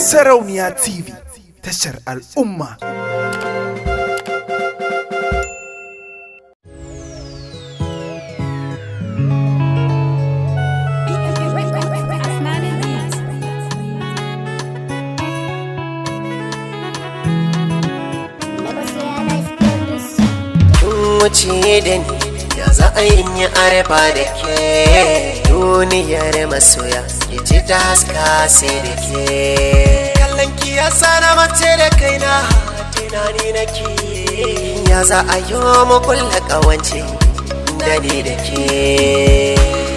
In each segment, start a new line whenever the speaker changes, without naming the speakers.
Sarauniya TV tashar al'umma. Wuce da ni, ya za a yi araba da ke duniyar masoya. ce ta haska sai da ke kallon ki ya na mace da kaina tunani na ki ya za a yi mu kulla kawance da ni da ke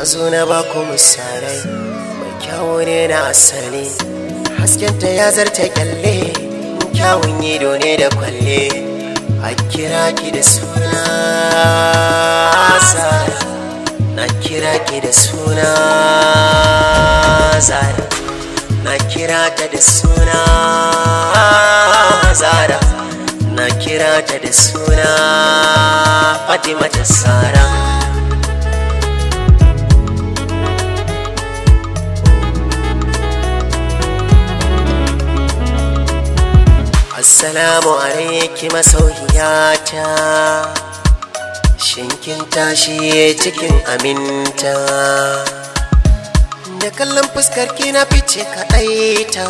na zo na ba ku misalai mai kyawo ne na asali Hasken ta ya zarta kyalle kyawun ido ne da kwalle a kira ki da suna zara na kira ki da suna zara na kira ta da suna zara na kira ta da suna fatima ta sara Assalamu alaiki Shin Shinkin tashi cikin aminta Da kallon ki na fice kaɗaita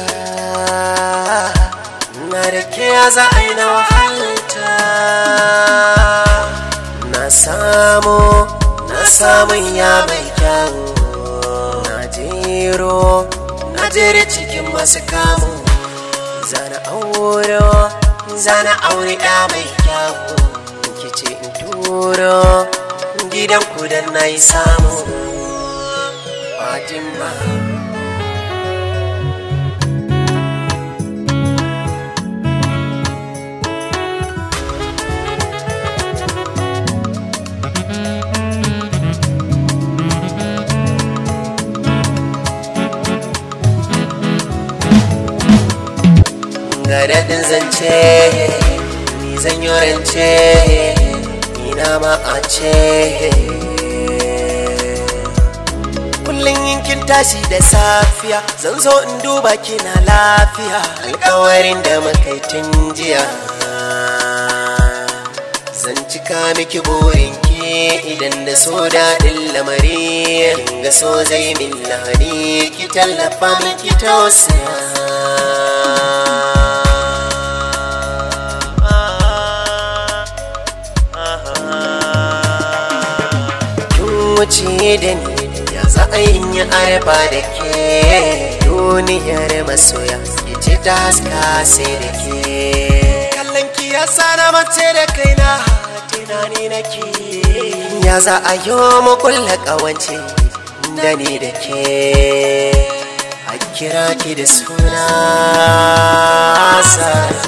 Na da ke za a yi na wahalta Na samu, na samun ya mai kyau Na jero, na jere cikin masu kamun zana aure zana aure ya mai kyau ki ce in turo gidan ku da na yi samu fatima ga daɗin zance ni zan yi rance ina ma a ce kullum yankin tashi da safiya zan zo in duba kina lafiya alkawarin da makaitin jiya zan cika miki ki idan da so daɗin lamari ga so zai min lahani ki tallafa miki tausaya da ni ya za a yi yi arba da ke duniyar masoya ya ci ta haska sai da ke kallon ki ya sa na mace da kaina ne na ke. ya za a yi mu kulla kawance da ni da ke a kira ki da suna zara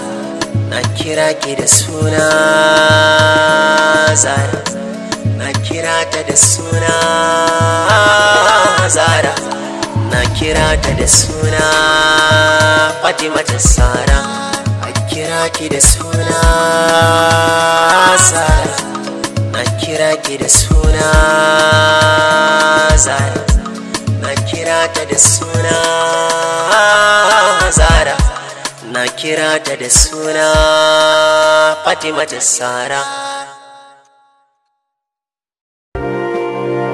na kira ki da suna zara kira ta da suna zara na kira ta da suna fatima ta sara a kira ki da suna zara na kira ki da suna zara na kira ta da suna zara na kira ta da suna fatima ta sara